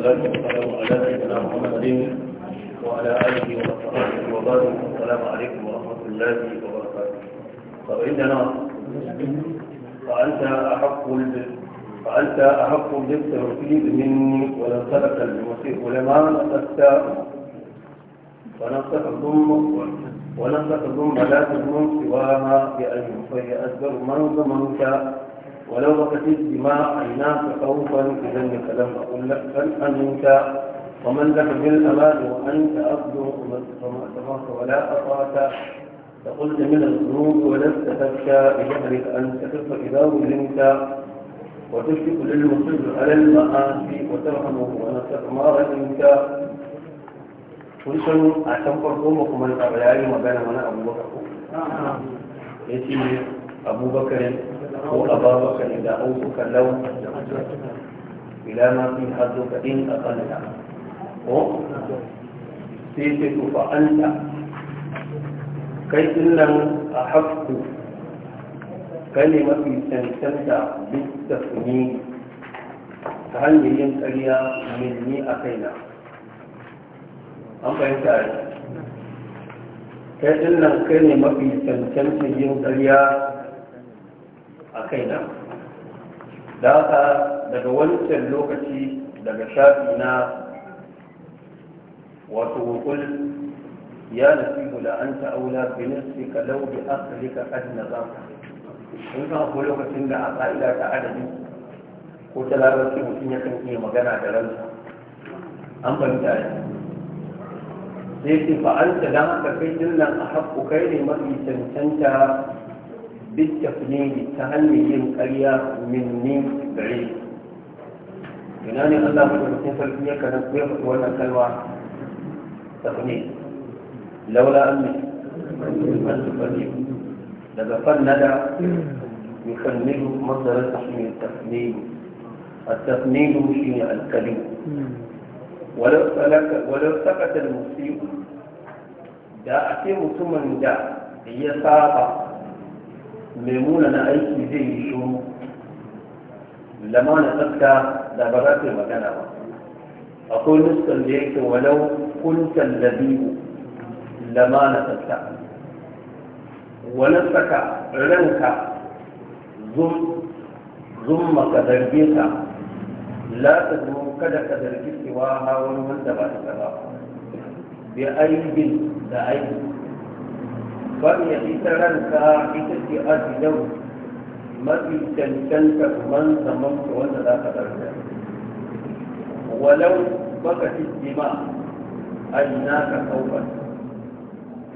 وعلى آله وصحبه وبارك السلام عليكم ورحمة الله وبركاته فإننا فأنت أحق فأنت أحق بالتوحيد مني ولن سلك المسيح ولما نسكت ونفسك ثم ونفسك ثم لا تظن سواها بأن يصير أكبر من ضمنك ولو بكت الدماء عيناك خوفا إذا لم أقل لك بل انت ومن لك بالأمان وأنت أبدو ومن أتفاك ولا أطاك فقلت من الذنوب ولست تبكى بجهلك أن تخف إذا ولمت وتشفق للمصر على المآسي وترحمه ونصر ما رحمك kun san a من farko kuma da bayani magana mana abu abubakar ko ababakar da autuka lau ila ma fi hazuka a aqalla ko sai sai to fa anta kai dinnan a hakku kai ne mafi cancanta duk da suni ta hanyar yin ƙarya ni a kaina an fahimta a kai dinnan kai ne mafi cancanta yin ƙarya a kaina da haka daga wancan lokaci daga shafi na wato hukul ya nasibu da an ta'aula binisfi ka lau bi asalika adna za ka kan lokacin da a ƙa'ida ta adadi ko ta larabci mutum ya kan iya magana da ransa an banta ya sai ce fa'anta don haka kai dinnan a haƙƙo kai ne mafi cancanta بالتقديم بالتقليد تهني من مني بعيد يناني الله سبحانه وتعالى كنبيه ولا كلمة تقليد لولا أني من تقديم لبقى الندى يفنده مصدر التحميل التقديم التقديم شيء الكلم ولو ولو سقط المسيء da a ce mutumin da ya saba mai muna na aiki zai yi shuru lamana tsafta da ba za ta yi magana ba akwai nuskan da yake walau kuntan biyu. lamana tsafta wani saka ranka zumma ka zarge ka la ta zo kada ka zargi cewa hawan wanda ba ta ba bi aibin da aibin bari ya ita ranka ita ce azidau mafi cancanta man zaman ka wanda za ka ɗarka walau baka ci A ina ka kauban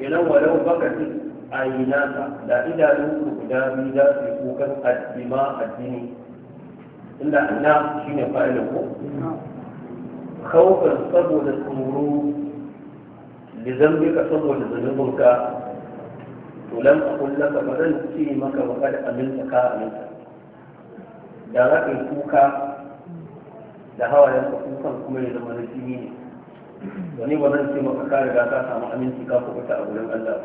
kenan walau baka tijjima ainaka da idanunku guda biyu za su yi kukan addima addini inda na shi ne fa'ilin ko Kaukar saboda tsoro da zambika saboda zunubinka to lam aqul laka bazan ce maka ba kada aminta ka aminta da za ka kuka da hawayen ka kukan kuma ya zama na jini ne wani ba zan ce maka ka riga ka samu aminci ka kubuta a gurin Allah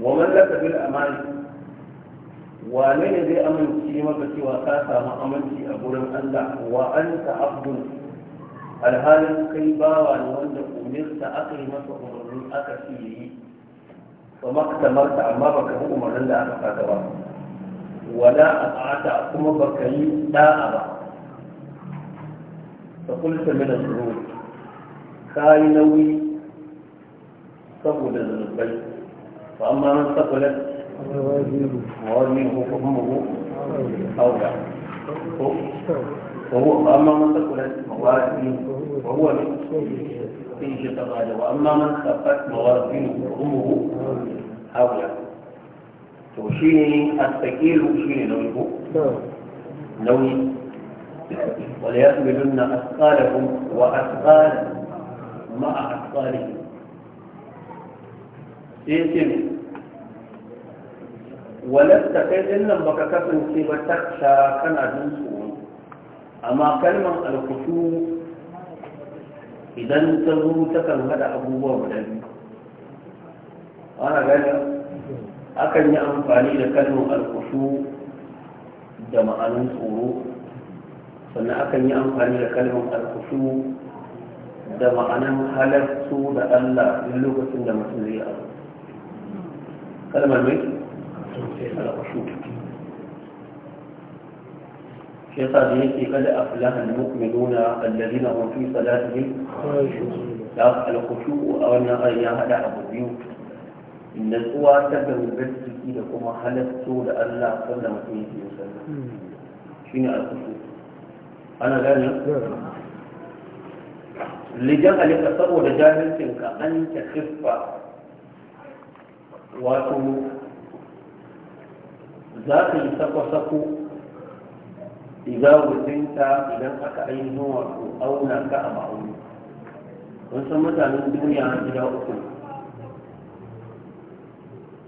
wa man laka bil amani wane ne zai amince maka cewa ka samu aminci a gurin Allah wa an ta abdun alhalin kai bawa ne wanda umirta aka yi masa umarni aka ce yi وما اقتمرت أما بك هو من لا أفعت ولا أطعت أقوم بك لا أرى فقلت من الظروف كاي نوي صبود البيت فأما من ثقلت موازينه فأمه أولى وهو أما من ثقلت موازينه فهو من فيه تضاد وأما من خفت موازينه أمه هاوية توشيني الثقيل وشيني نويه نوي وليحملن أثقالهم وأثقال مع أثقالهم سيتم ولست كيد إلا بك كفن سيبتك شاكنا جنسون أما كلمة الخشوع idan ta zo takan haɗa abubuwa guda biyu ana gani akan yi amfani da kalmar alkushu da ma'anin tsoro sannan akan yi amfani da kalmar alkushu da ma'anin halartu da allah duk lokacin da mutum zai abu kalmar mai alkushu shi yasa da yake kada a fila aflahan mu'minuna alladhina hum fi salatihim da al-khushu' a wannan ayi ya haɗa abu biyu natsuwa ta gangar jiki da kuma halatto da Allah sallan mutum yake yin sallah shine ne. khushu ana gane lijan alika saboda ka an ta khiffa wato za ka yi sako-sako idan ta idan aka ainihin wato auna ka a ma'auni san mutanen duniya gida uku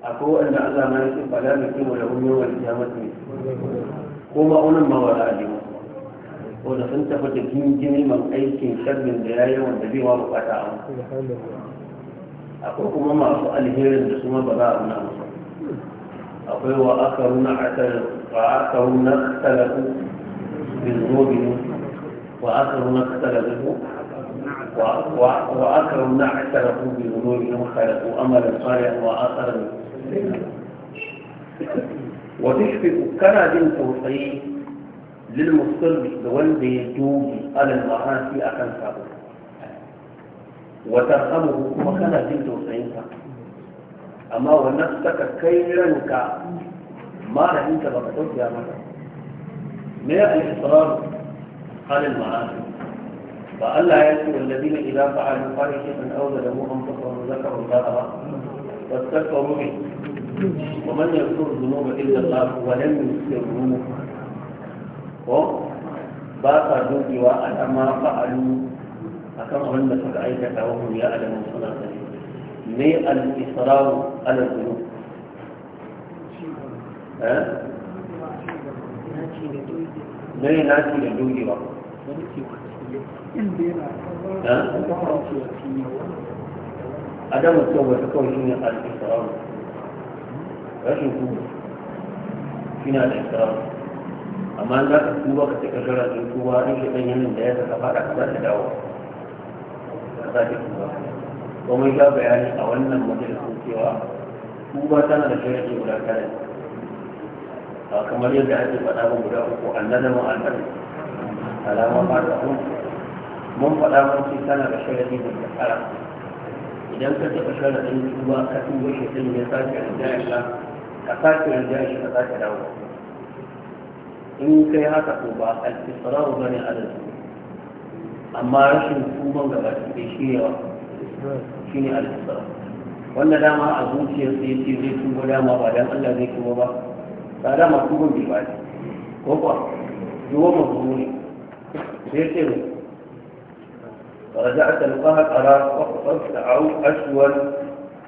akwai wanda Allah na yake fada mai kima da umar wani kiyamata ne ko ma'aunin ma wala a jima ko da sun tafi da gingini man aikin sharrin da ya yi wanda bai wa bukata a akwai kuma masu alherin da su ma ba za a nuna musu akwai wa aka runa a talar wa aka runa tsarin بذنوبهم واكرم ما اختلفوا واكرم ما اختلفوا بذنوبهم خلقوا أملا صالحا وآخر وتشفق كرد توحيد للمصر بولد يجوز على المعاصي أكن صابر وترحمه وكرى جن توصينك أما ونفسك كيرنك ما رأيك بقتل يا مدى me ya al-israr ala al ba Allah ya ce walladina idza fa'alu fahishatan aw zalamu anfusahum zakaru Allah ba fastaghfiru bi wa man yaghfiru dhunuba illa Allah wa lam yusirru ko ba sa dogewa a dama fa'alu a kan da suka aikata wa hum a alamu suna sani me al-israr ala al na yi naci da doge ba adamu ba ta kawai shi ne al-isra'u rashin kuma shi na da isra'u amma za ka tuba ka cika gara da tuba da shi ɗan yanin da ya saka fada ka za ta dawo ka za ta tuba kuma ya bayani a wannan majalisun cewa tuba tana da shirya ke guda da ba kamar yadda ake faɗa ba guda uku annada ma annada alama ba da hun mun faɗa mun ce kana da sharadi da kafara idan ka taɓa sharadin tuba ka tuba shi din ya sake rinjaya ka ka sake rinjaya shi ka sake dawo in kai haka ko ba al-isra'u bane adadu amma rashin tuban gaba da shi yawa shi ne al-isra'u wannan dama a zuciyarsa ce zai tuba dama ba dan Allah zai tuba ba ba da masu هو bai bani ko kuwa duwa masu ne sai ce mu فرجعت القهر على وقفت أو أشول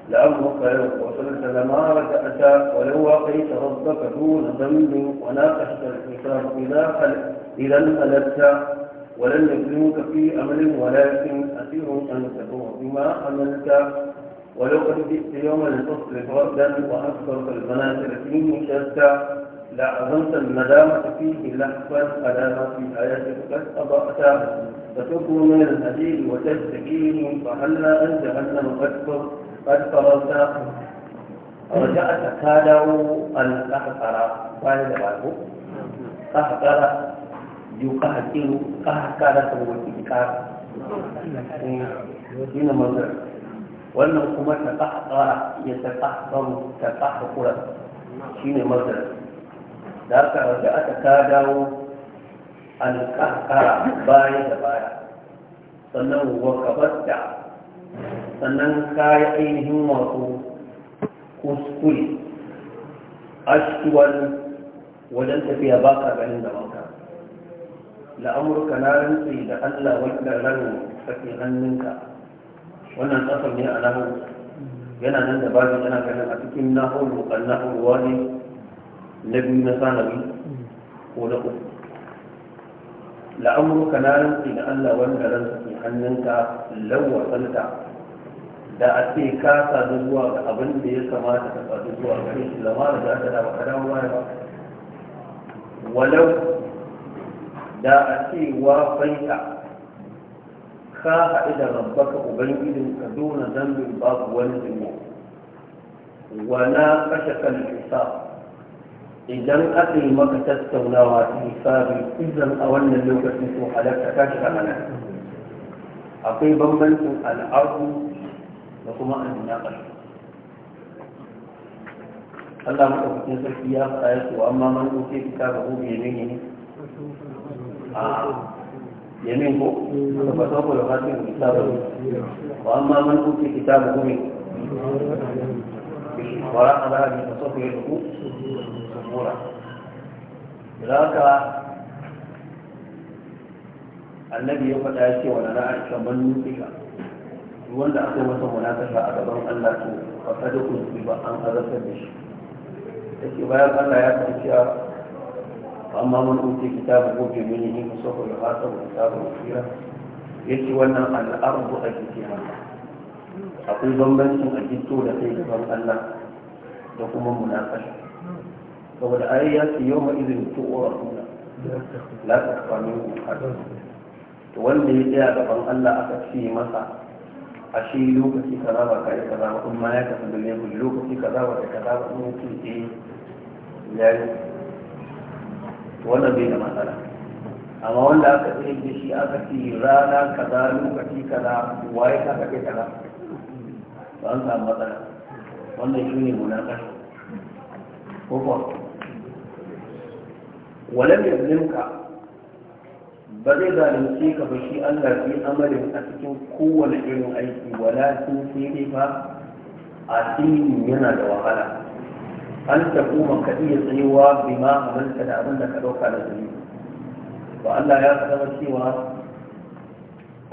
لأمر خير وسلسل ما رجعت ولو وقيت ربك دون ذنب وناقشت الكتاب إذا خلت إذا انقلبت ولن يكلمك في أمر ولكن أسير أن تكون بما عملت ولو جئت يوما لتصرف ردا وأكثر المنازل فيه شتى لعظمت المدامة فيه لحظا أدام في آياتك قد اضاءتا فتكون من الهديل وتشتكيه فهلا أن انه أكثر قد فرغت رجعت كادوا أن أحقر فاهم بعده أحقر يقهقر أحقر سوى الإنكار هنا wannan kuma ta tsakara ya ta tsakaru ta tsakakura shi ne mazdar da aka rasu aka ta dawo alƙaƙara baya da baya sannan wakabarta sannan kayan ainihin wato kuskure ashkiwar wajen tafiya ba ka ganin da maka la'amurka na rantsi da allah wanda ran tafi hannunka wannan kasar ne a nahu yana nan da babu yana ganin a cikin nahu rukan nahu ruwa ne na biyu na sanabi ko na uku la'amuru ka na rantsi da allah wanda ransa ke hannunka lawasanta da a ce ka sadu zuwa ga abin da ya kamata ka sadu zuwa gare shi lamar da aka da baka dawo ba walau da a ce wa faita ka haɗu da rabbaka ubangijin ka dona zambin babu wani zunubi wala kashe kan hisab idan aka yi maka tattaunawa ta hisabi idan a wannan lokacin to halatta ta shiga mana akwai bambancin al'adu da kuma annabar Allah madaukakin sarki ya faɗa ya ce amma man ɗauke kitabu ne ne يمينه فسوف هذه كتابه واما من اوتي كتابه منه وراء ذلك فسوف يدعو ثبورا ذاك النبي يقول آتي ولا نعرف من نوتك wanda aka yi ولا تشاء a ان لا to fa kada ku ba an amma mun uti kitabu ko bi mun yi musu ko ya fasa ko kitabu wannan a akwai bambancin a gito da kai gaban Allah da kuma munafasa saboda ayya su yau ma izin tu'ura kuna la ta kwami to wanda ya tsaya gaban Allah aka ce masa a shi lokaci kaza ba kai kaza ba kuma ya tafi da lokaci kaza ba kai kaza ba kuma ce eh, ya yi wannan bai da matsala amma wanda aka tsaye da shi aka ce rana kaza lokaci kaza waye ka kafe kaza ba an samu matsala wannan shi ne munakar ko ba walam yazlimka ba zai zalunce ka ba shi Allah fi amalin a cikin kowane irin aiki wala sun sai dai a cikin yana da wahala أن تقوم كثير سيوا بما عملت لأمن لك لو كان سيوا وأن لا يأخذ سوى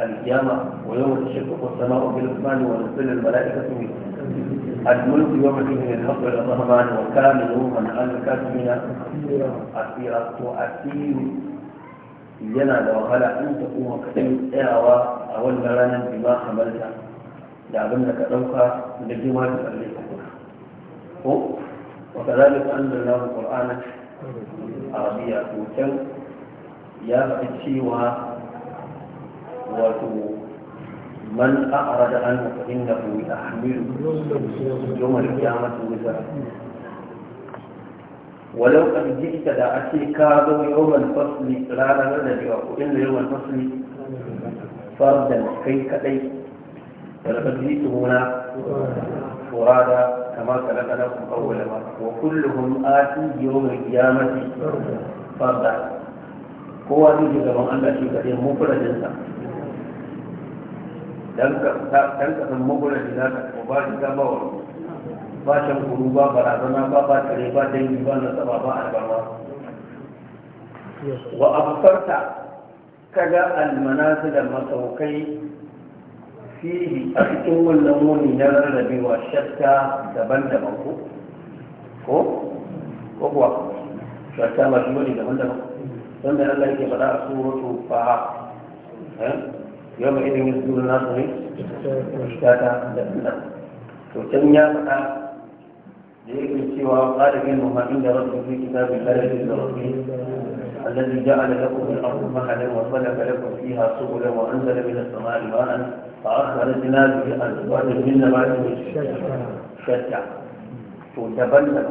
القيامة ويوم تشقق السماء بالعثمان ونزل الملائكة من الملك يوم فيه من الحق الرحمن وكامل من على الكاتبين أكثر وأثير ينا لو هلا أن تقوم كثير إعوى أو الغرانا بما حملت لأبنك أدوك لجمال الله وكذلك أنزلناه القرآن عربيا وكان يا فتشيوا وتو من أعرض عنه فإنه يحمل يوم القيامة وزرا ولو قد جئت دعتي كادوا يوم الفصل لا الذي وإن يوم الفصل فردا كي كتي ولقد جئت هنا فرادا كما خلقناكم أول مرة وكلهم آتي يوم القيامة فردا هو ذي زمان الله شيء كثير مفرد إنسان dan ka san magwada da za ka ba shi gaba ba shan kuru ba barazana ba ba ba dangi ba na ba albarma wa abfarta kaga almanazila masaukai fihi a cikin wannan muni na rarrabewa shakka daban-daban ko ko ko kuwa shakka masu muni daban-daban wanda Allah yake faɗa a suratu faha eh? yau mai irin yin suna nasu ne shatta daban-daban to can ya faɗa da yake cewa ƙarfin muhammadin da rasu fi kitabin ƙarfin da rasu الذي جعل لكم الأرض مهلا وسلك لكم فيها سبلا وأنزل من السماء ماء فأخبر الجناد به الأزواج من نبات شجع وتبلل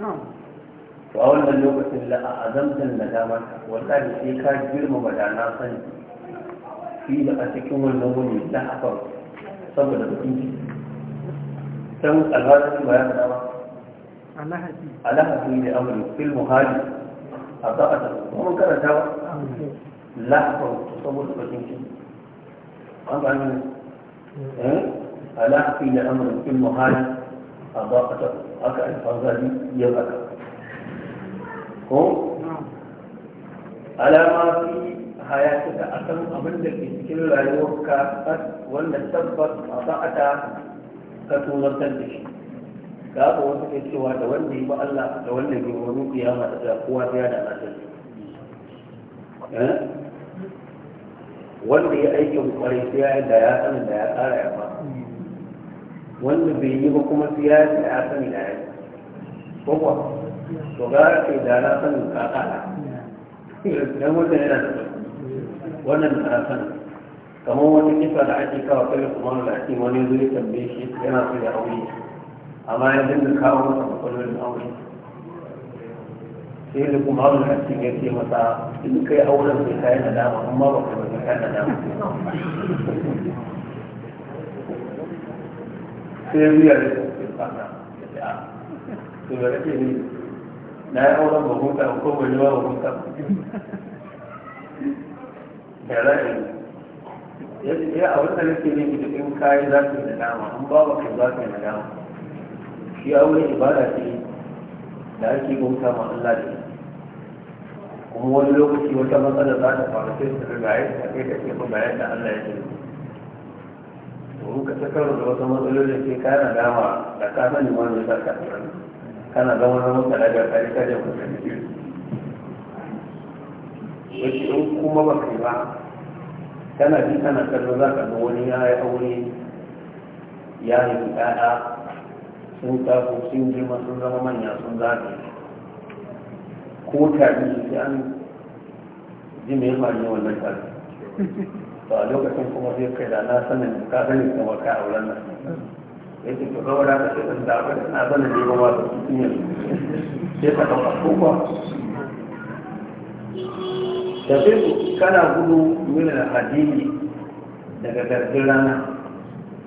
نعم وأول من يوم قلت لا أعظمت الندامة والله في كان جرم بدعنا صنع في أتكم النوم لا حفظ صبر بكيش ثم الغالب ما يبدأ على هذه على هذه الأمر في المهاجر a ba a da mun karanta ba la'afar saboda bakin shi an ba ni eh? a la'afi da amurin in muhali a ba a da aka alfazari ya baka ko alama fi hayata da akan abin da ke cikin rayuwarka wanda tabbas a ba'ata ka tunantar da shi da haka wasu ke cewa da wanda yi ba Allah da wanda yi ba rufi ya mata da kowa yada da nasir eh? wanda ya aikin kwarai sai ya yi da ya sani da ya tsara ya ba wanda bai yi ba kuma sai ya da ya sani da ya yi ko kuwa to gara kai da na sanin kakana dan wannan yana da wannan na sanin kamar wani kisa da ake kawo kai kuma da ake wani zuri tambaye shi yana so ya aure amma ya dinga kawo masa matsalolin aure sai da kuma aure a cikin ya ce masa in kai auren sai kayan da dama amma ba kuma ba kayan da dama sai ya biya da fata ya ce a ah, ni na yi auren ba kuma ko ba ba huta da ra'ayi ya ce ya a wata nake ne da in kayi za ka yi da dama an ba ba kai za ka yi da dama shi aure ibada ce da ake bauta ma Allah da kuma wani lokaci wata matsala za ta faru sai su riga ya ta kai da ke ba yadda Allah ya ce domin ka karo da wata matsaloli sai ka na dama da ka sani wani ya ka kana zama na matsala da kare kare ku da ke wace in kuma ba kai ba kana ji kana kallo za ka ga wani ya yi aure ya yi ɗaɗa sun taso sun girma sun zama manya sun zafi ko tari sai an ji mai mari yawan wannan tari to a lokacin kuma zai kai da na sanin ka sani kuma ka auren nan ya ce to kawai da sai ɗan dafa da na sanin ne ba ma da su sun su sai ka ɗauka ko sai tafi kana gudu milar hadini daga gargin rana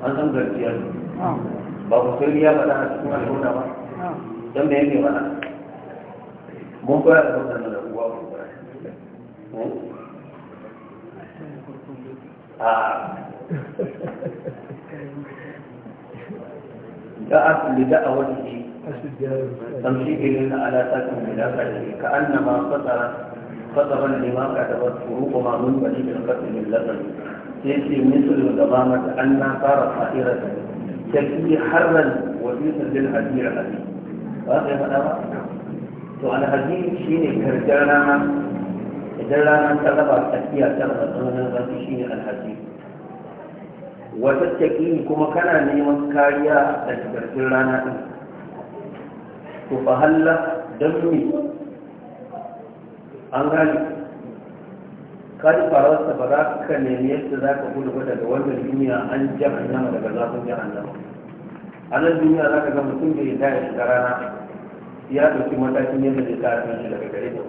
an san garciyar ah. ba ku sun ya faɗa a cikin al'umma ba don da yake mana mun kura da mutum da uwa ku ba eh? da a kulle da a wani ne don shi irin na Ala kan mai dafa ka ne ka annama na ma fasara fasara ne ma ka da wasu ruku ma mun bani da kasu ne lasar sai ce mun sulu da ma mata an na fara fa'ira da tafi harran wajisan lil hajiyar hadi ba ka yi faɗa ba to alhaji shi ne karkar rana idan rana ta raba tsakiya ta raba tsananin zafi shi ne alhaji wata taƙi kuma kana neman kariya a karkar rana ɗin to fa halla don an gani karfa wasu ba za ka nemi yadda za ka gudu ba daga wannan duniya an jahannama daga zafin jahannama a nan duniya za ka ga mutum da ya da ya shiga rana ya ɗauki matakin yadda zai kare shi daga gare ka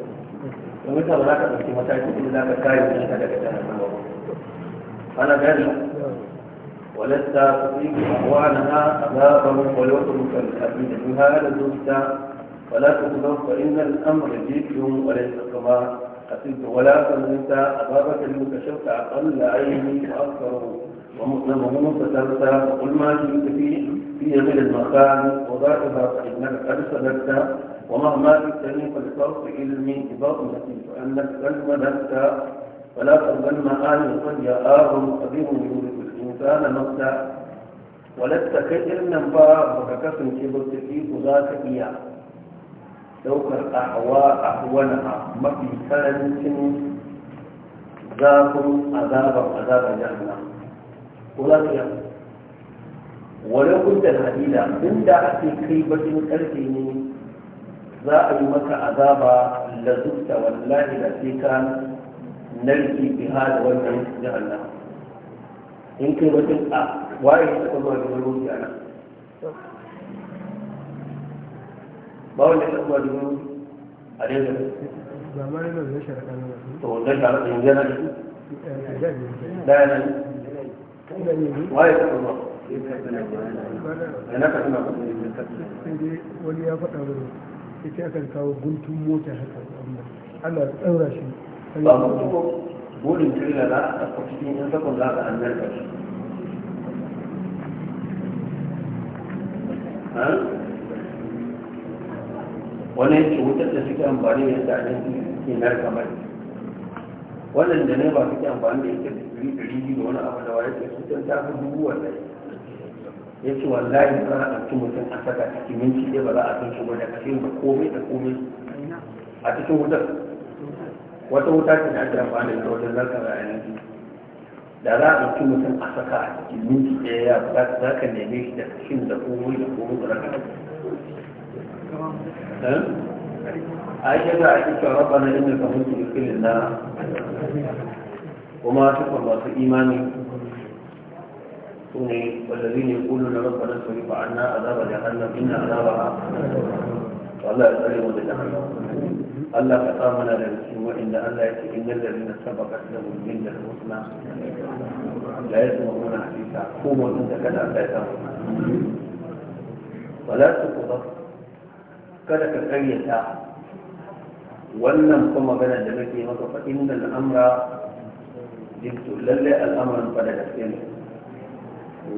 domin ka ba za ka ɗauki matakin yadda za ka kare shi daga jahannama ba ana gani ولست تطيق أعوانها عذابا ولو تمك الأبيد بها لزوجتا ولا تكذب فإن الأمر جيد وليس كما أتيت ولا تنسى أبابك المكشفت أقل عيني وأكثر ومؤلمه فتنسى وقل ما جئت فيه في يمين المخالف وضعها فإنك قد سلكت ومهما جئتني فلصرف علمي إضافة فإنك قد مددت فلا تظن آن قد يآه قدير يورث الإنسان مبدأ ولست كئر نبا وككف كبرت في قضاك إياه daukar ahawa ahuwana mafi karancin zafin azabar azabar jahannam ko za su yi wani hujjar hadida inda ake kai bakin karfe ne za a yi maka azaba la zubta wallahi da sai ka narki biha da wannan jahannam in kai bakin a waye ya taɓa zuwa da wani hujjar ba wanda ya taɓa dubu a dai da ba ma yana da shi rakan to wanda ta da yanzu yana da yana wa ya taɓa ba wani ya faɗa ya ita akan kawo guntun mota haka ana ɗaura shi ba mutum burin tirila za a ɗauka cikin yan sakon za a annar ƙarshe wani yake wutar da suke amfani da ita a ke narka mai waɗanda ne ba suke amfani da ita da ɗari ɗari biyu da wani abu da wani ke cutar ta fi dubu wanda ya ce wallahi ba za a ɗauki mutum a saka cikin minti ɗaya ba za a ɗauki ba da kashe da komai da komai a cikin wutar wata wuta ce da ake amfani da wajen zarka da ainihin da za a ɗauki mutum a saka a cikin minti ɗaya za ka neme shi da cikin da komai da komai da raka عائشة عائشة ربنا إنك كنت بكل النار وما تقرب في إيماني سوني والذين يقولون ربنا اصرف عنا عذاب جهنم إن عذابها والله يسألهم لجهنم الله فقامنا للمسلم وإن الله يأتي إن الذين سبقت لهم من الحسنى لا يسمعون حديثا قوموا أنت كذا لا ولا تقضى kada ka karyata wannan kuma magana da nake maka fa inna al'amra jibtu lallai al'amuran fa da gaske ne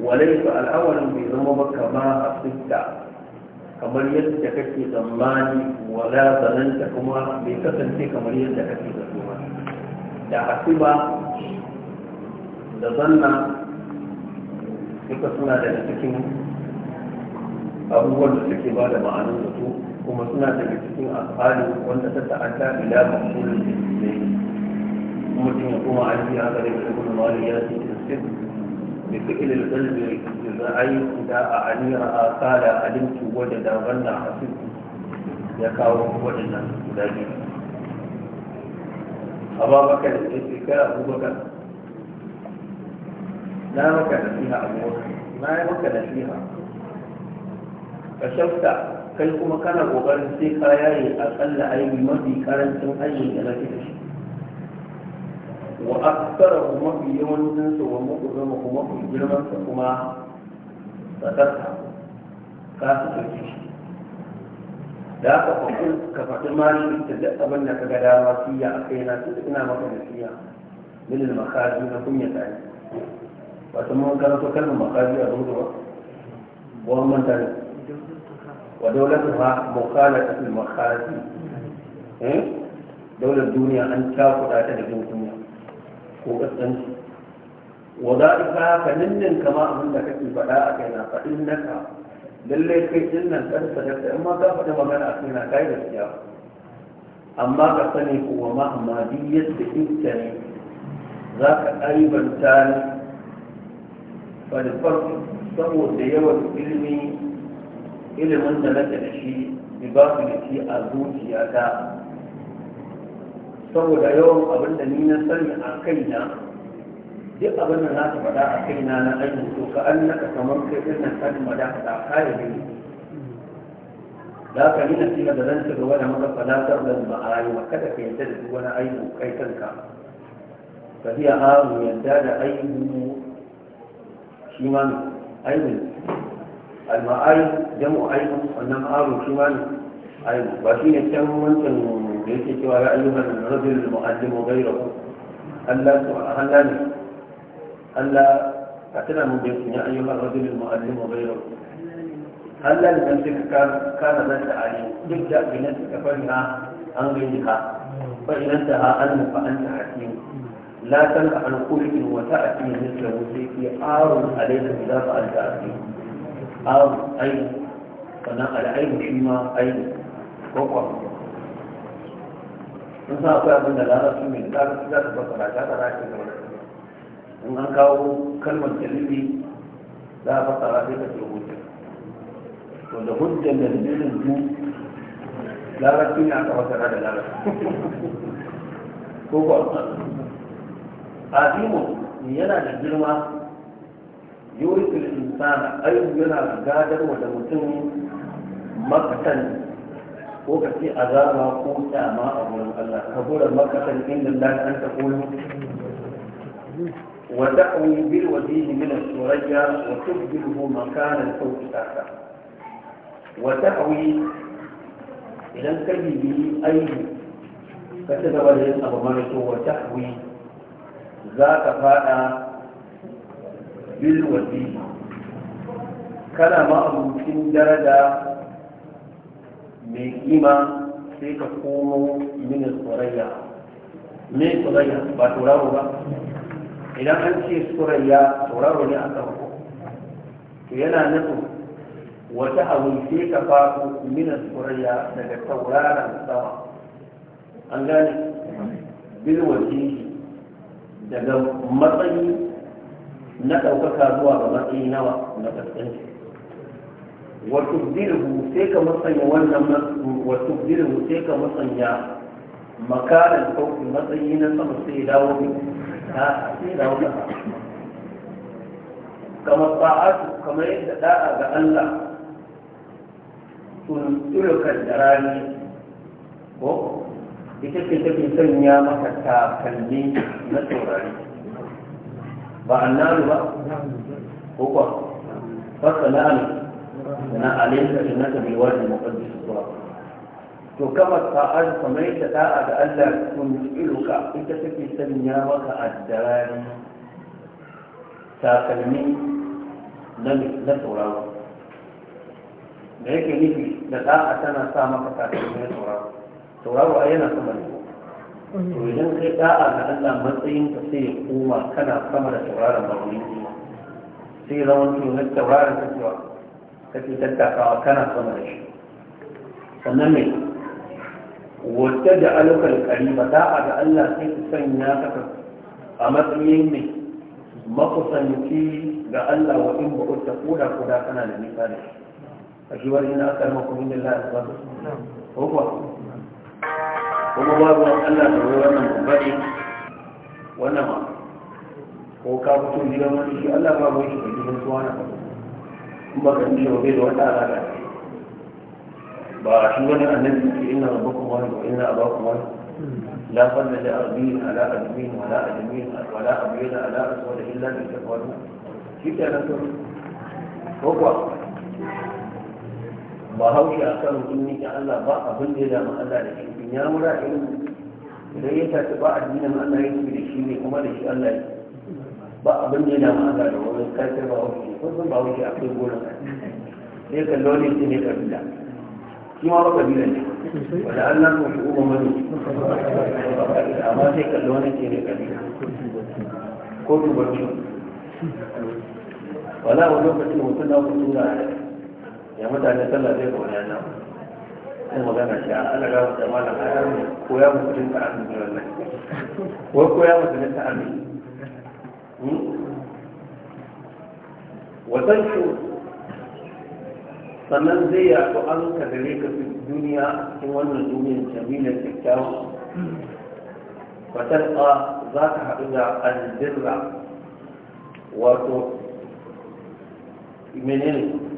walaysa al'awarin bai zama ba kama a fitta kamar yadda kake tsammani wala zananta kuma bai kasance kamar yadda kake zato ba da hasiba da zanna duka suna daga cikin abubuwan da suke ba da ma'anin zato kuma suna daga cikin alfani wanda ta ta'adda ila mafulun ne mutum ya kuma an biya gare da ibn mali ya ce da bi fi'l al-qalbi ra'ayi da za a yi anira qala alimtu wa da dawanna hasib ya kawo wadannan guda biyu a ba abubakar ya ce kai abubakar na maka nasiha abubakar na yi maka nasiha ka shafta kai kuma kana kokarin sai ka yaye akalla aiki mafi karancin aibi da nake da shi wa aksara mafi yawancin su wa muku zama kuma mafi girman sa kuma tsakarsa ka su ɗauke shi da aka faɗi ka faɗi mali da abin da ka ga dama siya a kai na su ina maka da siya bilil makaji na kunya tare wato mun karanta kalmar makaji a zuwa wa manta ne ودولتها مخالفة المخالفين دولة الدنيا أن تاخذ هذا الدنيا وقد وذلك فنن كما أنك في فداء كنا فإنك للي في إن الفلسفة إما كافة ومنع فينا كايد السياق أما كسني هو مهما ديت بإنساني ذاك أيضا تاني فالفرق سبو سيوة علمي ilimin da nake da shi bi ba da shi a zuciya ta. saboda yawan abin da ni na sani a kaina duk abin da na ta faɗa a kaina na ainihin to ka an naka kamar kai ɗin na kan madakata kayan gini da ka nuna shi da zan ci gaba da maka falatar da a rayuwa kada ka yadda da wani aibu kai kanka ka biya amu yadda da aibu shi ma aibu ma'aru jam'u aibu wannan aro shi ma ne aibu ba shi ne can wancan da yake cewa ya ayyuhan rajul mu'allimu ghayrahu Allah to Allah ne Allah a tana mun da ya ayyuhan rajul mu'allimu ghayrahu Allah ne dan suka kana nan da ali duk da binan suka fara an gani ha fa idan ta ha an fa anta hakim لا تنفع عن خلق وتأتي مثله في عار علينا إذا فعلت أخيه awu ainu sannan al'ainu shi ma ainu kwakwa sun sa akwai abin da larabci mai larabci za su fasara ta tsara ce da in an kawo kalmar dalili za a fasara sai ka ce hujja to da hujjar da dalilin du larabci ne aka fasara da larabci ko kuwa azimu yana da girma yurisul insana ayyuhu yana gadarwa da mutum makatan ko ka ce azaba ko tsama a wurin Allah ka gura makatan inda Allah an ta koyo wa da'u bil wajhi min as-surayya wa tubdilu makanan sawtaka wa ta'wi idan ka bibi aihu ka ci gaba da yin abu mara kyau wa ta'wi za ka fada bil wasi kana ma abucin daraja mai kima sai ka komo min tsoraya me tsoraya ba tauraro ba idan an ce tsoraya tauraro ne a kan to yana nufin wata abu sai ka faru min tsoraya daga tauraron sama an gane bil wajihi daga matsayi na ɗaukaka zuwa ga matsayi nawa na ƙasƙanci wato tubdirhu sai ka musanya wannan wato tubdirhu sai ka musanya makarin sauƙi matsayi na sama sai dawo ta sai dawo da kamar ba'atu kamar yadda da'a ga Allah sun tsirkan da rani ko ita ce take sanya maka takalmi na saurari ba annabi ba ko kuwa fasala ne na alayka innaka bil wadi muqaddas tuwa to kama ta'ar kamar ta da'a da Allah kun iluka ita take sanya maka addarari takalmi na sauraro da yake nufi da da'a tana sa maka takalmi na sauraro sauraro yana sama ne to idan kai da'a ga Allah matsayin ka sai ya koma kana sama da tauraron maulidi sai zama to na tauraron ka cewa kake tattakawa kana sama da shi sannan mai wata da alukar ba da'a ga Allah sai ka sanya ka a matsayin mai makusanci ga Allah wa in ba'ud ta koda koda kana da nisa da shi a shi wani na aka yi makomin da Allah ya ba su kuma babu wani allah da wai wannan babba wannan ma ko ka fito gidan wani shi allah ba wai shi da gidan suwa na in ba kan cewa bai da wata alaƙa ba shi wani annabi ke ina rabbakum wani wa ina abakum wani لا فضل لأرضين على أدمين ولا أدمين ولا أبين على أسود ke بالتقوى كيف تنسون هو ba haushi a kan sunni ta Allah ba abin da ya dama Allah da shi ya mura in idan ya tafi ba addinin Allah ya da shi ne kuma da shi Allah ya ba abin da yana ma'aza da wani kafin ba wuce ko sun ba wuce kai. gona ne ka lori shi ne kabila shi ma ba kabila ne wanda Allah ko shi uba mani amma sai ka lori shi ne kabila ko tubarci wala wani lokacin mutum na kusura ya mutane sallah zai ga wani yana sai magana shi ana ga wata mala ayar ne ko ya musulunta an ne wannan wai ko ya musulunta an ne wasan shi sannan zai yaɗu an ka gare ka fi duniya cikin wannan duniyar jamilar kyakkyawa fatalƙa za ka haɗu da aljirra wato menene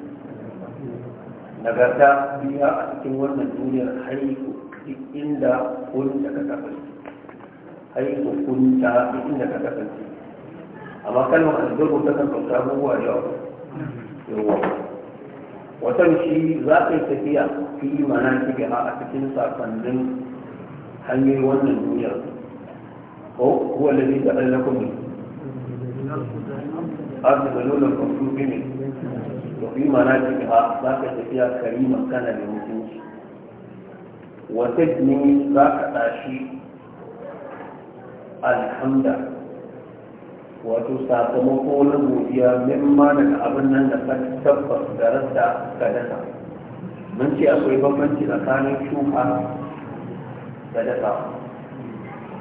nagarta biya a cikin wannan duniyar haiku duk inda ta ka kasance haiku ta duk inda ka kasance amma kalmar alzurbu ta kan kauta abubuwa yau yawa watan shi za ka yi tafiya fi mana kiga a cikin sakonnin hanyar wannan duniyar ko kuwa zai da ɗan lakumin arzikin lulun kwamfutu ne da fi mana cikin za ka tafiya kariman kana da mutunci wata ne za ka tashi alhamda wato sakamako na godiya mimma daga abin nan da ka tabbas da rasa ka dasa mun ce akwai bambanci tsakanin shuka da dasa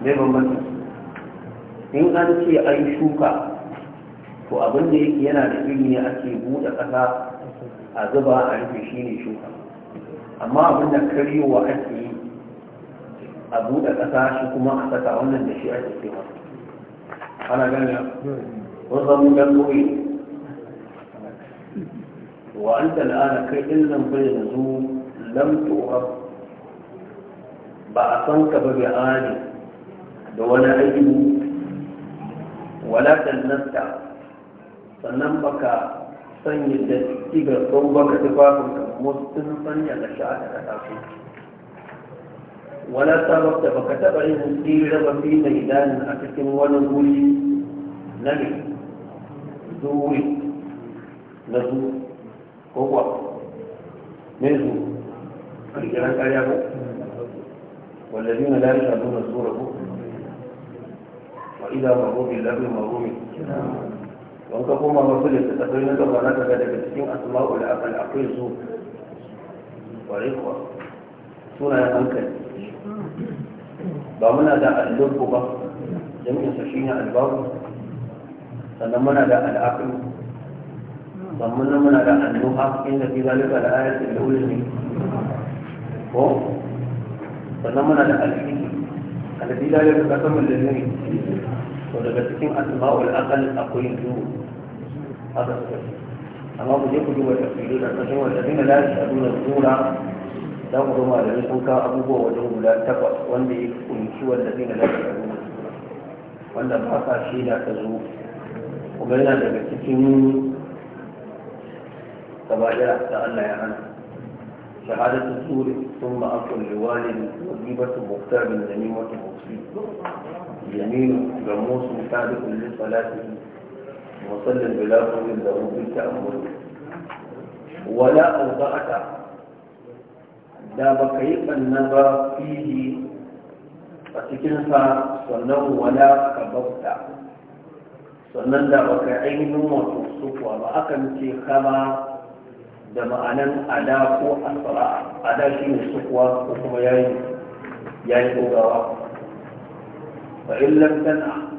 mai bambanci in an ce an shuka to abin da yake yana da iri ne ake buɗe ƙasa a zuba a rufe shi ne shuka amma abin da karyowa ake yi a buɗe ƙasa shi kuma a saka wannan da shi ake cewa ana gani wasu mun ga koyi wa an tal'ana kai ɗin nan bai yanzu lam tu'ab ba a san ka ba bi da wani aiki wala tannasta sannan baka sanya da tigar tsohon baka tufafin ka mutum sanya da sha aka kasa su wala sababta baka taɓa yin tsira ba fi mai danin a cikin wani guri na ne zuwi na zu ko kuwa ne zu ƙirƙirar ƙarya ko wallazi na lafiya nuna tsoron ko wa ila maro bi lafi maro wanka kuma wasu da suka na gaba na daga daga cikin asma'ul akal akwai su kwarai kuwa sunayen hankali ba muna da allubu ba jami'in sa shi ne albabu sannan muna da al'aqlu sannan muna da annuha inda fi zalika da ayatin da ulumi ko sannan muna da alfi alfi zalika kasamun da ne to daga cikin asma'ul aqal akwai duhu haka suka ce amma ku je ku duba tafsirin da kashin wanda dina a yashaduna zura dan ku ma da sun ka abubuwa wajen guda takwas wanda ya kunshi wanda dina la yashaduna wanda ba ka shaida ta zo kuma yana daga cikin gaba da Allah ya hana شهادة سور ثم أكل لوالد وجيبة مختار نميمة مكسي يمين جموس صادق لصلاته وصل بلا قول له بالتأمل ولا أوضعت da ba ka yi ɓanna ba fiye a cikinsa sannan wala ka bauta sannan da ba ka ainihin wato sukuwa ba akan ce kama da ma'anan ada ko asara ada shi ne sukuwa ko kuma ya yi dogawa fa in tan'a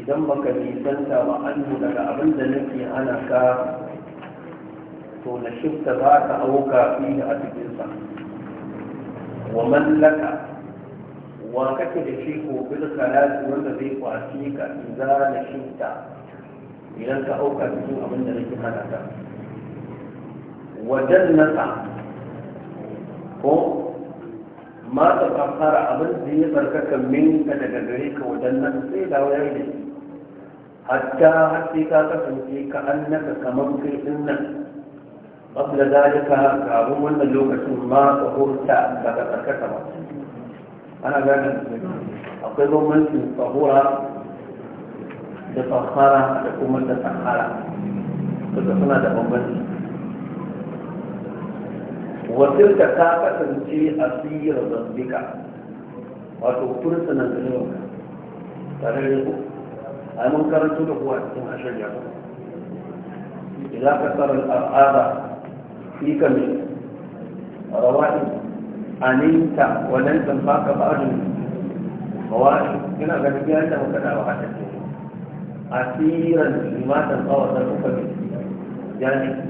idan baka nisanta ba annu daga abin da nake ana ka to na shifta za ka auka fiye a cikinsa wa mallaka wa kake da shi ko bil kalasi wanda zai kwaci ka idza na shifta idan ka auka cikin abin da nake hana ka وجنة ko ma ta fara abin da ya barkaka min ka daga gare ka wajen nan sai da wayar da shi hatta hatta ka kasance ka annaka kamar kai din nan qabla zalika kafin wannan lokacin ma ka hurta daga barkaka ba ana gane akwai bambancin tsahura da tsahara da kuma da tsahara duka suna da bambanci wasilka ta kasance a siyar zambika wato fursunan zunubanka tare da ku a mun karanto da kuwa cikin ashirin ya ba idan ka tsara al'ada fika ka mai rawaɗi aninta wannan tambaka ba da rawaɗi ina ganin yayin da muka dawa a cikin asiran limatan tsawon da kuka mai yani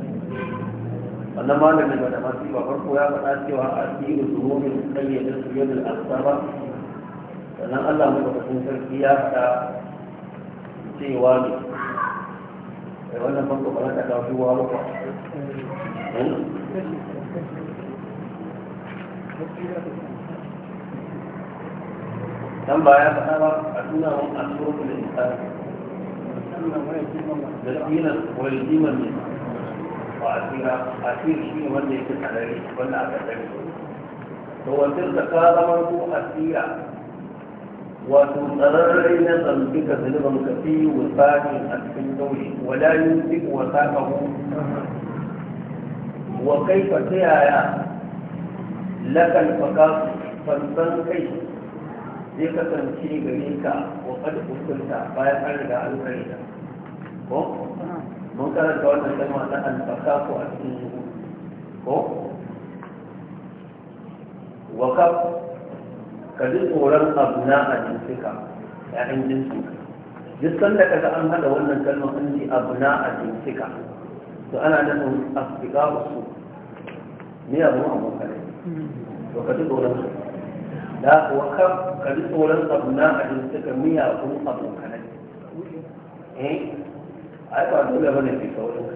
wannan malamin da masu ba farko ya faɗa cewa a cikin zuwomin kayyade su yadda al'asa ba sannan allah mu da kasan sarki ya faɗa cewa ne da wannan farko ba za ta kawo shi ba dan ba ya faɗa ba a tuna wani asurufu da da ƙinan wani ƙiman ne ba a tsira a tsiri shi ne wanda yake karare wanda aka tsari to wancan da ka zama ko a tsira wato tsararrai na zambi ka zunuban ka fi wasaƙin a cikin dauri wala yin duk wasaƙa mu wa kai fa ta yaya lakan faka fansan kai zai kasance gare ka wa kada kusurta bayan an riga an kare ka mun karanta wannan kalma ta ko a cikin ko waka ka ji tsoron abu na a jinsika yayin jinsinka duk da kasa an hada wannan kalma an ji na a jinsika to ana nufin afirka su ne abu abokanai to ka ji tsoron su da waka ka ji tsoron abu na a jinsika miyakun abokanai eh? ai ba dole bane ke saurin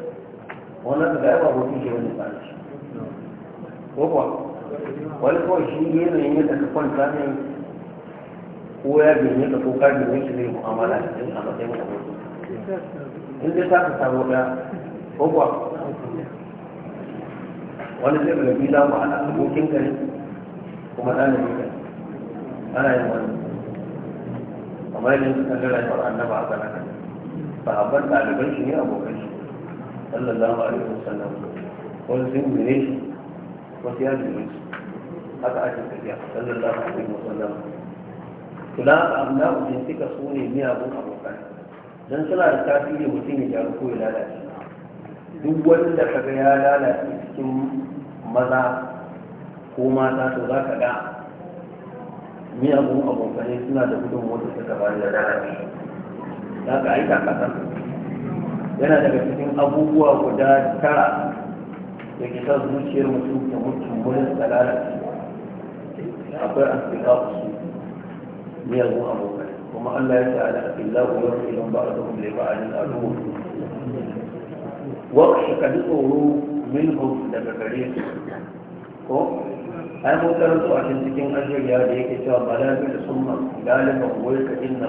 wannan da ya ke wani ba ko kuwa wani kawai shi yanayin yadda ka kwanta ne ko ya gani ka ko ka shi zai mu'amala shi a matsayin abokin in dai za ka samu ɗaya ko kuwa wani zai ga bi za a abokin gari kuma ɗalibin gari ana yin wani amma yadda suka ga rayuwar annaba a kanaka sahabban ɗaliban shi ne abokan shi sallallahu alaihi wasallam wani sun gine shi wasu ya gine shi haka ake tafiya sallallahu alaihi wasallam kula ka amna wajen suka su ne miyagun abokan Dan suna da tasiri mutum ya gyaru ko ya lalace duk wanda kaga ya lalace cikin maza ko mata to za ka ga miyagun abokanai suna da gudunmuwa da suka bari da lalace za ka aika kasar yana daga cikin abubuwa guda tara da ke sa zuciyar mutum ta mutum wurin tsalala akwai asbika su miyagun abokai kuma Allah ya ta'ala a fillahu wa filin ba a zuhun da ba a jin adubu wakshi ka ji tsoro minhum daga gare su ko ai mun karanto a cikin ajiyar da yake cewa bala bi da sunna galiban wai ka inna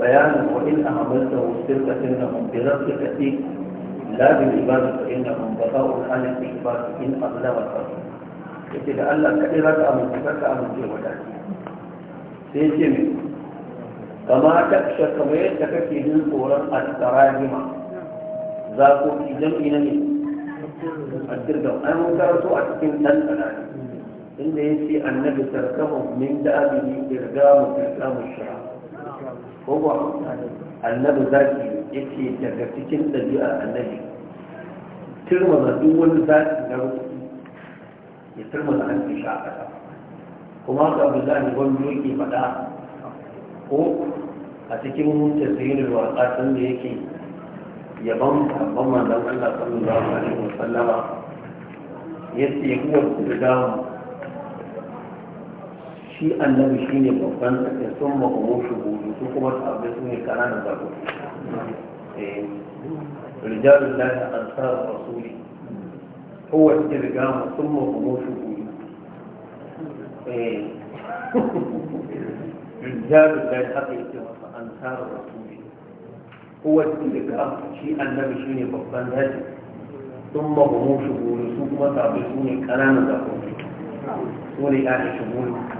بيانا وإن أعملته السرك فإنهم بربك فيك لا بالعباد فإنهم بقاء عن الإجبار إن أظلمك يقول الله كثيرك أمنتك أمنتك وتعالى سيجمي كما تخشى كما يتكفي من قرآن التراجمة ذاكو في جمعنا الدرجم أنا مكرت أتكين تنقل إن يسي النبي تركمه من دابه إرقام تركام الشراب kowa annabi zaki yake daga cikin ɗabi'ar annabi turmaza duk wani zaki na rukuki ya turmaza hankali shi a ƙasa kuma haka abu za ne wani yake faɗa ko a cikin tasirin waƙasan da yake ya yaban babban manzon Allah sallallahu alaihi wasallama yace huwa da damu shi annabi shi ne babban tsakin sun ma'umu shi gudu su kuma sabbi su ne kananan zago eh, rijalun lafi an tsara rasuli kowace jirga sun ma'umu shi gudu rijalun lafi haka yake masa an tsara rasuli kowace jirga shi annabi shi ne babban zago sun ma'umu shi su kuma sabbi su ne kananan zago su ne ya shi gudu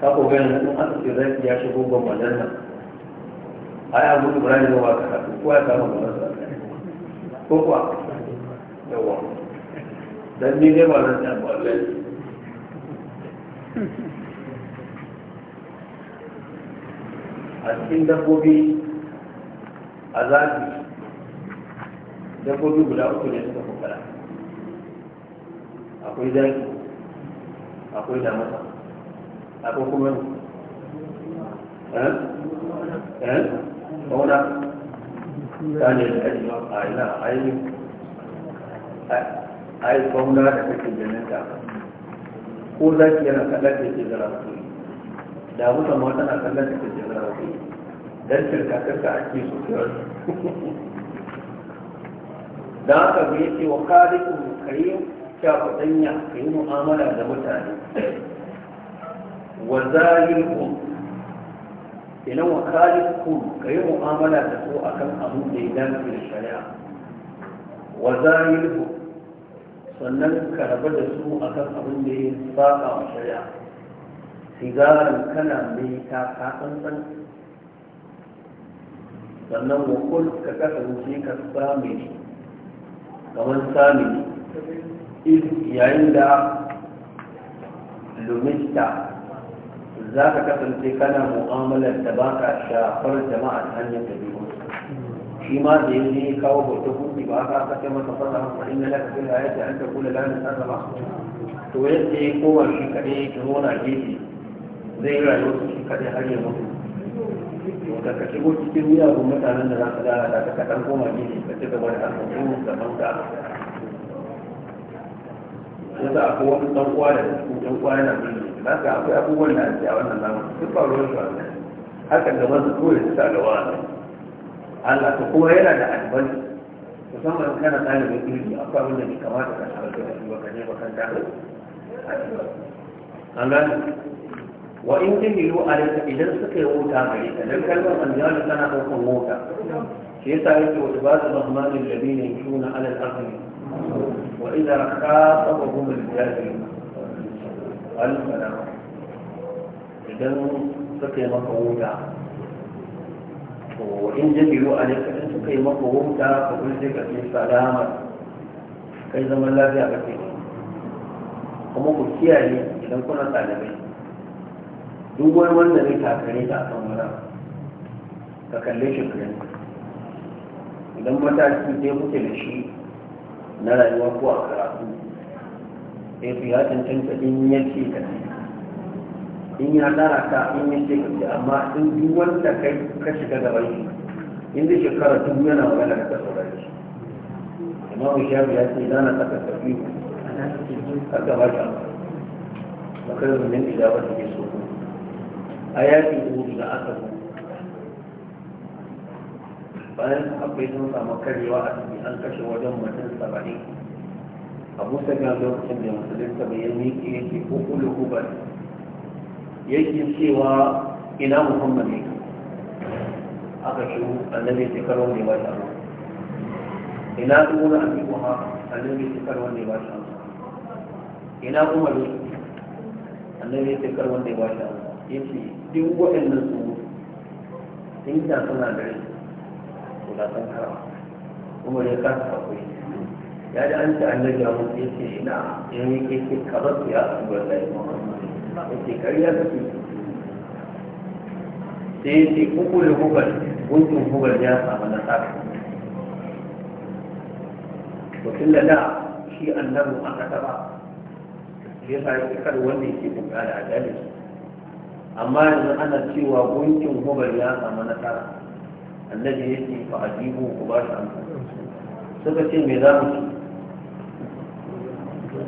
ka kogin ganin sun aka ce zai ya shigo ban wajen nan ai abu ibrahim ba ka karatu ko ya samu wannan sa ko kuwa yawa dan ni dai ba zan ta wallahi a cikin dabbobi a zafi dabbobi guda uku ne suka fi akwai zaki akwai damasa akwai kuma ne eh eh wanda ta ne da aji a ina ai ai gwamna da kake ganin ta ko zaki yana kallon da ke zara su da mutum ma tana kallon da ke zara su dan shirka-shirka ake sosai da haka bai ce wa kalikun kayi shafaɗanya ka yi mu'amala da mutane wa zalikum ina wa khaliqu kai mu'amala da su akan abu da ya dace da shari'a wa zalikum sannan ka rabu da su akan abin da ya saba wa shari'a sigaran kana mai ta sannan wa ka ka sami kamar sami yayin da lumista za ka kasance kana mu'amalar da ba ka shafar jama'a ta hanyar da biyu shi ma da ya ne kawo bauta hudu ba ka aka kai masa fasa hafa inda laka fi da yadda an ta kula lana ta zama to yadda ya kowa shi kaɗai ya nuna gefe zai yi rayuwar su shi kaɗai har ya mutu to da ka shigo cikin miyagun mutanen da za ka da ka kaɗan koma gefe ka ci gaba da alfafu da banka yasa akwai wani dan uwa da cikin dan uwa yana bin ba ka akwai abubuwan da ake a wannan lamarin duk ba ruwan shi ne hakan da wasu kawai su sa gaba a Allah ta kowa yana da albarki musamman kana ɗalibin ilimi akwai abin da bai kamata ka samu da shi ba ka je makaranta an gane wa in jimilu alayka idan suka yi wuta gare ka dan kalmar anjalu tana ɗaukar wuta shi yasa yake wa ibadu rahmanin ladina yashuna ala al-ardi وإذا خاطبهم الجاهل قال سلاما إذا سقي مقوتا وإن جبلوا عليك إن سقي مقوتا فقل لك سلاما kai zaman lafiya kake kuma ku kiyaye idan kuna ɗalibai duk wani wanda zai takare ta kan wani ka kalle shi ka idan mataki ɗaya kuke da shi na rayuwa ko a karatu eh, Ya fi ya cancanta in ya ce ka in ya tsara ka in ya ce ka ce amma in duk wanda kai ka shiga gaban shi in da shekara duk yana magana da saurari shi mu shafi ya ce za na saka tafi a gaba shi makarar da nan ila ba su ke so a yakin da aka zuwa bayan akwai sun samu karewa a cikin an kashe wajen mutum saba'in abu ga lokacin da musulun ta bayan miki yake ko kulu hubar yake cewa ina muhammad ne aka shi annabi ta karo ne ba shi ina tsoro a kuma annabi ta karo ne ba shi ina kuma ne annabi ta karo ne ba shi yake duk waɗannan su ta suna gari kudaden haram kuma ya kasa hakuri ya ji an ci an rage wa mutu yake ina ya yi keke kaza su ya abu da ya ya ce kariya ta fi sai ya ce kukuli hukar gunkin hukar ya samu nasara mutum da da shi annabu an kasa ba ya sa ya kar wanda yake bukata a dalilin amma yanzu ana cewa gunkin hubar ya samu nasara annabi ya ce fa ajibu ku ba shi amsa suka ce me za mu ci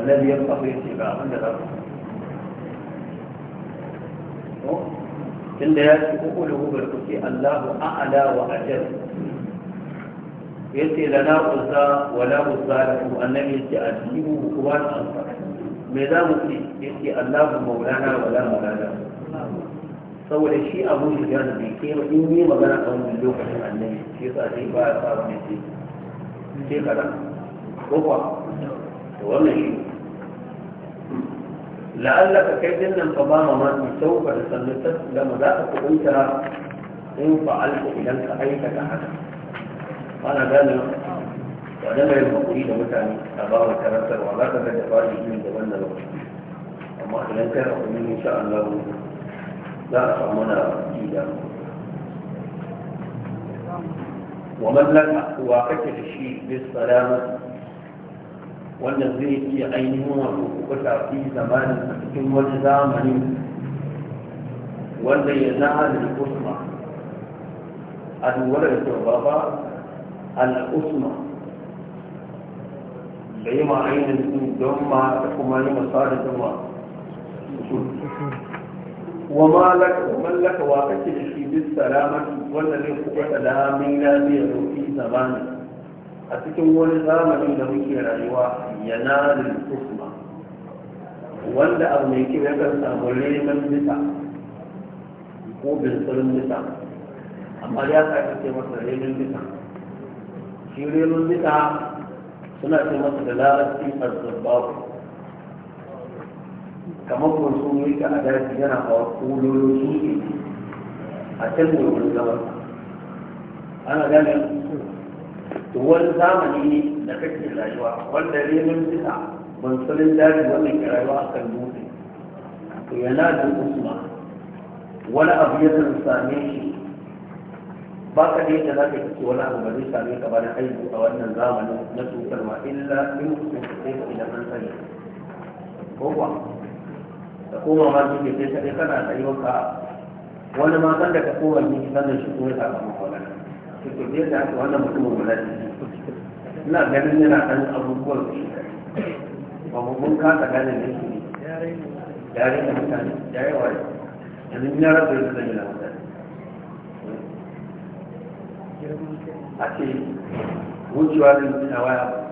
annabi ya kafa ya ce ga abin da za ku tunda ya ce uku da hubar ku ce Allahu a'ala wa ajal yace lana uzza wa la uzza lahu annabi yace ajibu ku ba shi amsa me za mu ci yace Allahu maulana wa la maulana saboda shi abu shi ya da bai ba in yi magana a wani lokacin annabi shi yasa sai ba ya fara mai sai sai kaza ko kwa to wannan shi la'allaka kai din nan fa ba ma ma mai sauka da sannan ta lama za ka kuɗinta in fa fa'alta idan ka aikata haka ana gane wadanda yin hakuri da mutane a ba wa karantarwa za ka ga da fari yin daban-daban amma idan kai hakuri insha Allah za a samu mana gida wa mallaka wa kake da shi bis salama Wanda zai iya ainihin wato kuka fi zamanin a cikin wani zamani wanda ya na da usma a duwar da turbaba al-usma da yi ma'ainin don ma ta kuma yi masadar da ma wa malaka wa mallaka wa kake da shi bis salamati wanda zai kubuta da min lafiya da fi zamani a cikin wani zamani da muke rayuwa yana da kusma wanda abu mai kyau yakan samu remen bisa ko bintsirin bisa amma ya sa ce masa remen bisa shi remen bisa suna ce masa da larabci a zabbaku kamar wasu yake a daji yana hawa kulolin ne a can da wani zama ana gane to wani zamani ne da kake rayuwa wanda ne mun fita ban sanin daji wannan ke rayuwa a kan dutse to yana da usma wani abu ya san same shi ba ka da za ka kace wani abu ba zai same ka ba na aiki a wannan zamanin na cutarwa illa in kusa sai ka idan an sani ko kuwa da koma ma sai kai dai kana da tsayuwarka wani ma san da ka koma miki san da shi ko ya samu magana to to dai da haka wannan mun da shi ina ganin yana kan abubuwan da shi ba mu mun ka ta gane ne shi yare da mutane yare wa yanzu ina rasa yadda zan yi na mutane a ce wucewa da mutuna waya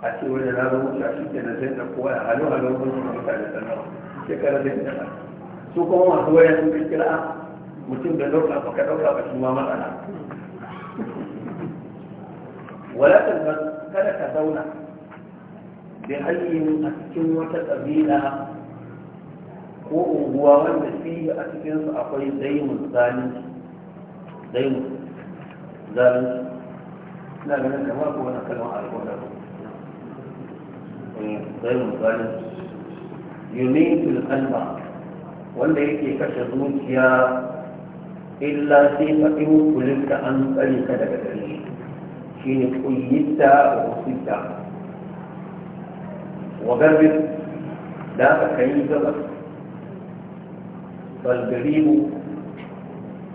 a ce wani na zo wucewa shi ke na zai da kowa a halin halin wucewa mutane sanawa shekara da ita su kuma masu waya sun kira mutum da dauka ba ka dauka ba shi ma matsala wala ta kada ka zauna bi hayyin a cikin wata kabila ko unguwa wanda fiye a cikinsu akwai daimun zalunci daimun zalunci ina ganin kamar kalmar daimun eh, zalunci يميت القلب ولا يكشف الظنوب يا إلا سيف إن قلت أن تلك تدري حين قيدت وقصدت وقربت لا تكيد بس فالقريب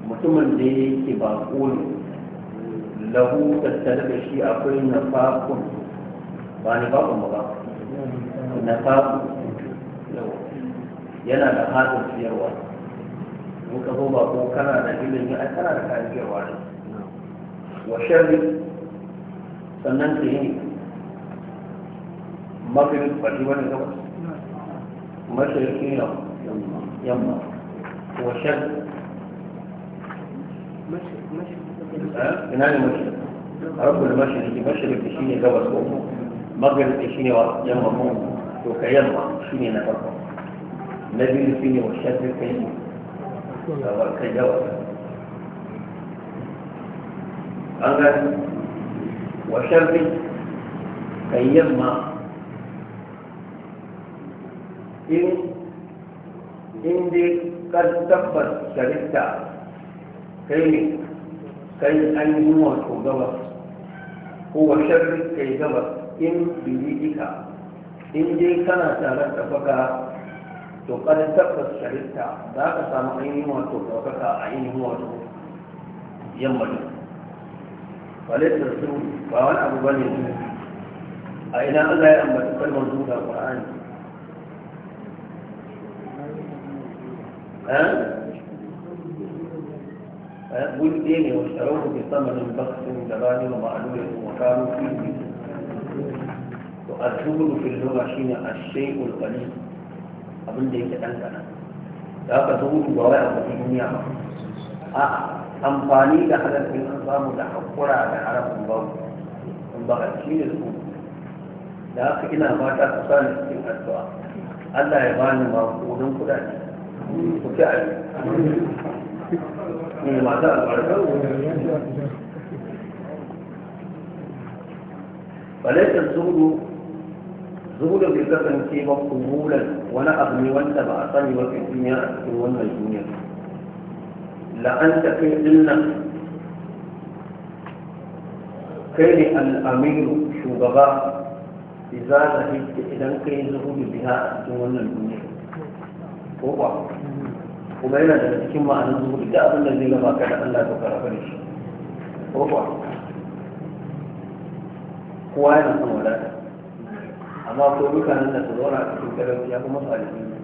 متمن ليك باقول له تستدق الشيء أقول نفاق فاني باب مضاق نفاق yana da hatin siyarwa in ka zo ba ko kana da ilimi a kana da kayan siyarwa ne wa sharri sannan ka yi mafi bari wani gabas mashirki na yamma wa sharri ina ne mashi rabu da mashirki mashirki shi ne gabas ko magana shi ne wa yamma ko to ka yamma shi ne na farko الذي فيه والشد فيه هو التجاوز هذا وشرب كيما إن إن دي قد تقبل شرطة كي كي أن يموت وقبض هو شرب كي قبض إن بيديك إن دي كان سارت to kada tabbas shari'a za ka samu ainihin wato ɗaukaka a ainihin wato yammacin falaita su ba wani abu ba ne su a ina allah ya ambata kalmar su da ƙwa'ani قل دين واشتروه بثمن بخس جبان ومعلول وكانوا فيه والشغل في اللغة شين الشيء القليل abin da yake ɗan kana da aka zo mutu ba wai a kudin duniya ba a amfani da halarfin an samu da haƙura da harafin ba ba a shi ne su da aka ina mata su sa ni cikin addu'a Allah ya bani ma kudin kudade ku ci a yi ne mata albarka falaita zuhudu zuhudu bai kasance ba kubulan wani abu ne wanda ba a sani ba fi duniya a cikin wannan duniya la'anta kai dinnan kai ne al'amiru shugaba za da hikki idan kai zuhudu biya a cikin wannan duniya ko ba kuma yana daga cikin ma'anar zuhudu da abin da zai gaba ka da Allah ta da shi ko ba kowa yana son wadata أما ko mutanen da su zauna a cikin talauci ya fi masu alheri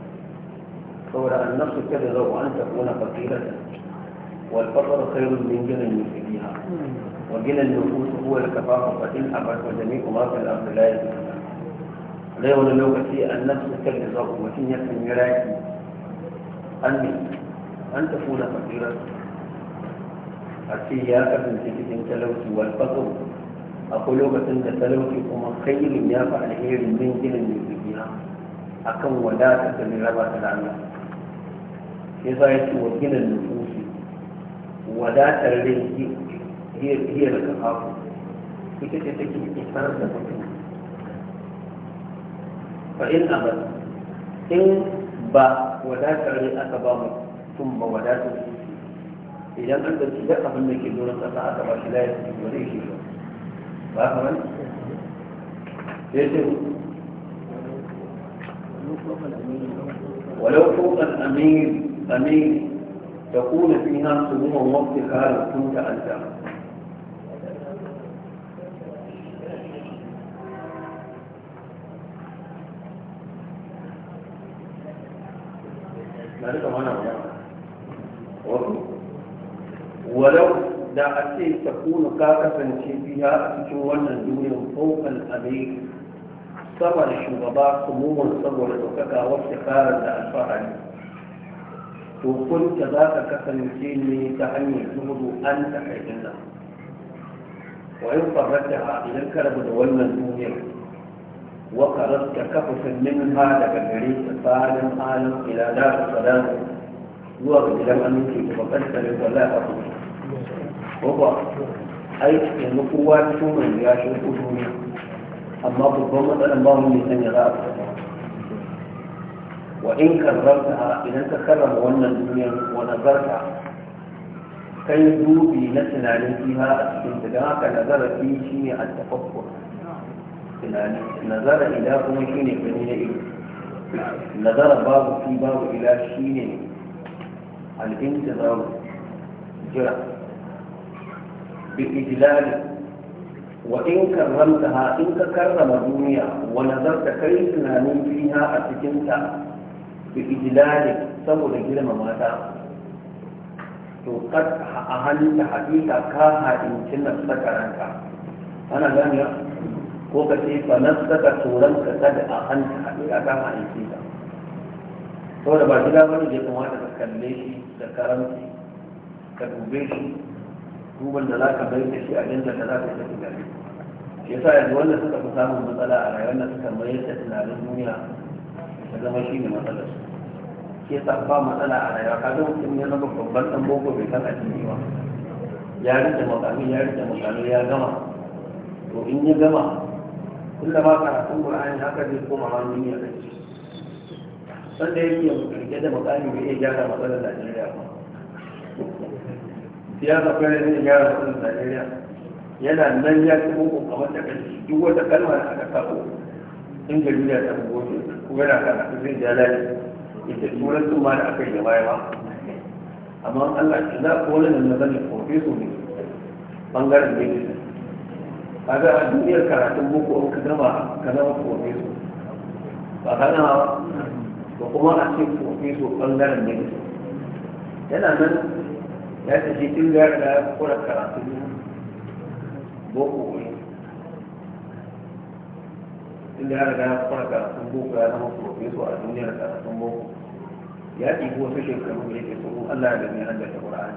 saboda an nafsu ta والفقر خير من غنى يفديها وغنى النفوس هو الكفاف فإن أبت وجميع ما في الأرض لا يفديها لا يولى لوكتي النفس كالرزاق وكن يكن يراكي أني أن تكون فقيرة أتي يا كفن تكت انت والفقر akwai lokacin da talauci kuma kairin ya fi alherin min ginin da dukiya akan wadatar da raba ta da Allah sai za ya ce wa ginin nufusi wadatar rai hiyar da kafafu ita ce take isar da mutum fa in abad in ba wadatar rai aka ba mutum ba wadatar idan an ɗauki duk abin da ke nuna ƙasa aka ba shi layar da zai shi ولو فوق الأمير أمير تكون فيها وقت خالد كنت أنت ولو da a ce ta kuna ka kasance biya a cikin wannan duniyar fokan abe sama da shugaba kumuwan saboda ɗaukaka wacce kara da alfahari to kun ta za ka kasance ne ta hanyar zuhudu an ta kaidin nan wayan farrata a idan ka rabu da wannan duniyar waka rasta kafa sannin ha daga gare ta tsarin halin ila da su zuwa ga gidan aminci da bakar tsarin wallafa a kuma Babba aiki yanzu kowa ta so mai ya shi ko duniya amma babban matsalan ba mu ne sanya za a fita wa in karrarta idan ka karrama wannan duniyar wa nazarta kai dubi na tunanin fiha a cikin ta don haka nazara fi shi ne a tafakkur tunani nazara ila kuma shi ne gani na ido nazara babu fi babu ila shi ne al'intizaru jira بإجلال وإن كرمتها إن كرم الدنيا ونظرت كيف نامين فيها أتكنت بإجلال سبب جرم ماذا وقد أهلت حقيقة كاها إن كنا سكرانك أنا لم وكتي فنفسك سورانك قد أهلت حقيقة كاها إن كنا saboda ba gida bane da ya kamata ka kalle shi da karanci ka dube shi duban da za ka bai da shi a inda da za ka tafi da ya sa yanzu wanda suka fi samun matsala a rayuwar da suka mai da tunanin duniya da zama shi ne matsalar su Ke sa ba matsala a rayuwa ka ga mutum ya zama babban dan boko bai kan addini ba ya rike makami ya rike makami ya gama to in ya gama kullum ba karatun qur'ani haka zai koma ma duniya da ke. sanda yake rike da makami bai iya gyara matsalar Najeriya ba siyasa kai ne zai gyara kudin Najeriya yana nan ya ci muku a da kashi duk wata kalma da aka kawo in gari ya tafi gobe kuma yana kan zai ja lafi ita turan sun ma da aka yi baya ba amma Allah ya za ku wani nan zan profeso ne bangaren da yake kaga a duniyar karatun boko ka zama ka zama profeso ba kana ba kuma a ce profeso bangaren da yake yana nan ya ta shi tun da ya kura karatu boko ne tun da ya da ya kura karatun boko ya zama profeso a duniyar karatun boko ya ɗigo wasu shekaru da yake so Allah ya gani an da ta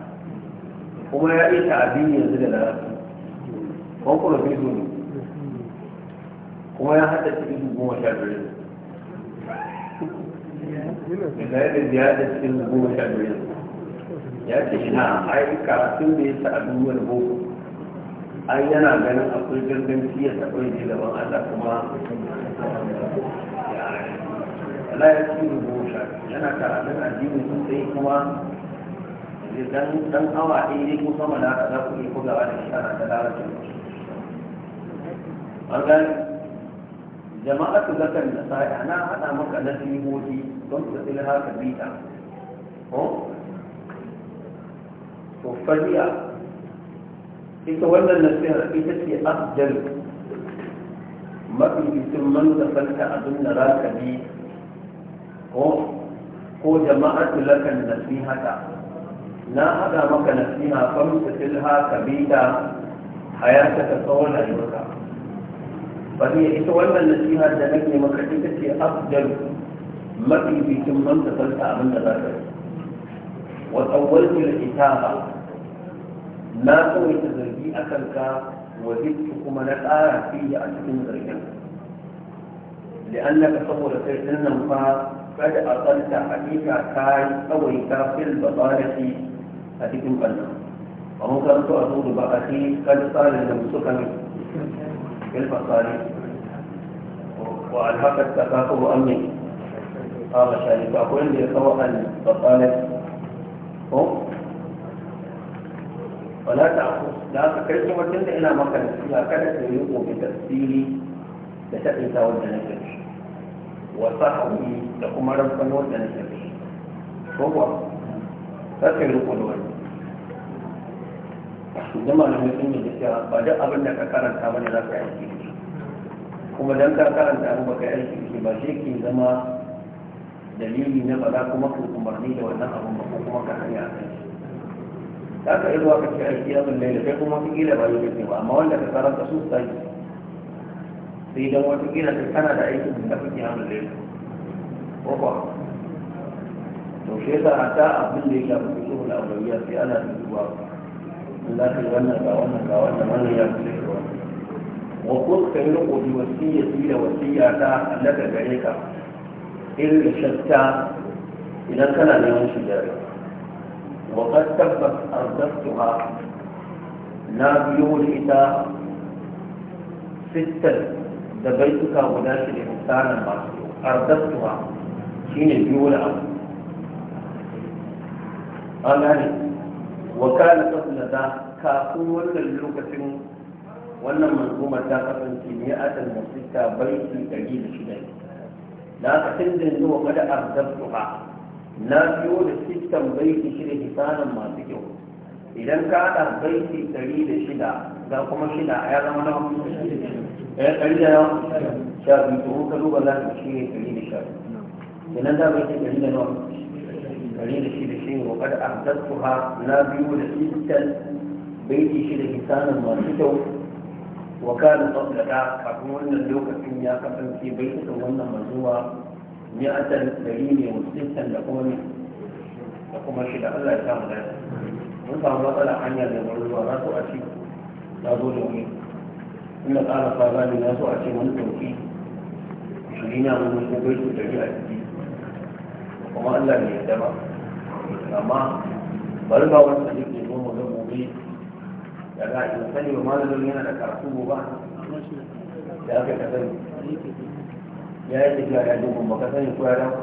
kuma ya yi ta'abin yanzu da larabci ban profeso ne kuma ya haɗa cikin goma sha biyar da ya da cikin goma sha biyar ya ce ina ai sun da yasa sa a duniyar boko ai yana ganin akwai ganganci ya taɓa yi gaban Allah kuma Allah ya ci rubuta yana karatun addini sosai kuma dan dan awa ɗaya ne ko sama da za ku iya bugawa da shi ana da larabci an gani jama'a su zakar da sa'i ana haɗa maka nasihohi don su ilha ka bita ko fariya ita wannan nasihar ita ce afdal mafificin man da farka abin da za ka bi ko jama'a tulakan nasihata na haɗa maka nasiha famsa tilha ka bi da hayata ta tsawon rayuwarka fariya ita wannan nasihar da nake maka ita ce afdal mafificin man da farka abin da za ka bi wa tsawon tilha na tsawaita zargi a kanka wa zikki kuma na ƙara fiye a cikin zargin لأنك صور سيد النمفاء قد أقلت حقيقة كاي أويتا في البطالة أتكم قلنا وممكن تؤذون بأخي قد صار لمسكن في البطالة وألهق التكاثر أمني قال شاركا كل يتوقع البطالة wala ta aku da aka kai kuma tun da ina maka nasiha kada ka yi gobe tasiri da ta tsinta wanda na kai wa sahawi da kuma rafkan wanda na kai ko kuwa za ka yi riko da wani da malamai sun yi da cewa ba duk abin da ka karanta bane za ka yi aiki kuma dan ka karanta abin baka ka yi ba shi ke zama dalili na ba za kuma ka umarni da wannan abin ba ko kuma ka hanya a kai za ka iya zuwa ka ce aiki yamin ne da kai kuma wata ba yau ba amma wanda ka tsara ka sai sai wata kila ka kana da aikin da kake yamin ne ko ba to shi yasa ta abin da ya shafi fito da abubuwa sai ana duba in za ka yi wannan ga wannan ga wannan ya fi da idan kana كان لهم شجاعه وقد تبت أردتها na biyo da ita fitar da baituka guda shi da misalin masu arzattuwa shi ne biyo da abu an gane wakala kabla da kafin wannan lokacin wannan manzumar ta kasance ne a da musika baiti ɗari da shida na biyo da sistan baiti da hisanin masu kyau idan ka haɗa baiti ɗari da shida za kuma shida a ya zama na ya eh, ɗari da yawa sha biyu to ka duba za ka shi ne ɗari da sha biyu idan za baiti ɗari da nawa ɗari da shida shi ne wakar ahdattuha na biyo da sistan baiti da hisanin masu kyau wa kana tsaddaka kafin wannan lokacin ya kasance da wannan mazuwa ya adal gari ne musulunta da kuma ne da kuma shi da Allah ya samu daya mun samu matsala hanyar da mun za su a ce za zo da wani inda ƙara fara ne za su a ce wani ɗauki shi ne mun zo gobe su da a ciki kuma Allah ne ya dama amma bari ba wani da yake zo mu ga gobe da za a yi sani ba ma da yana da karatu ba ya kai ka sani ya yi tafiya ya dogon baka sani ko ya dawo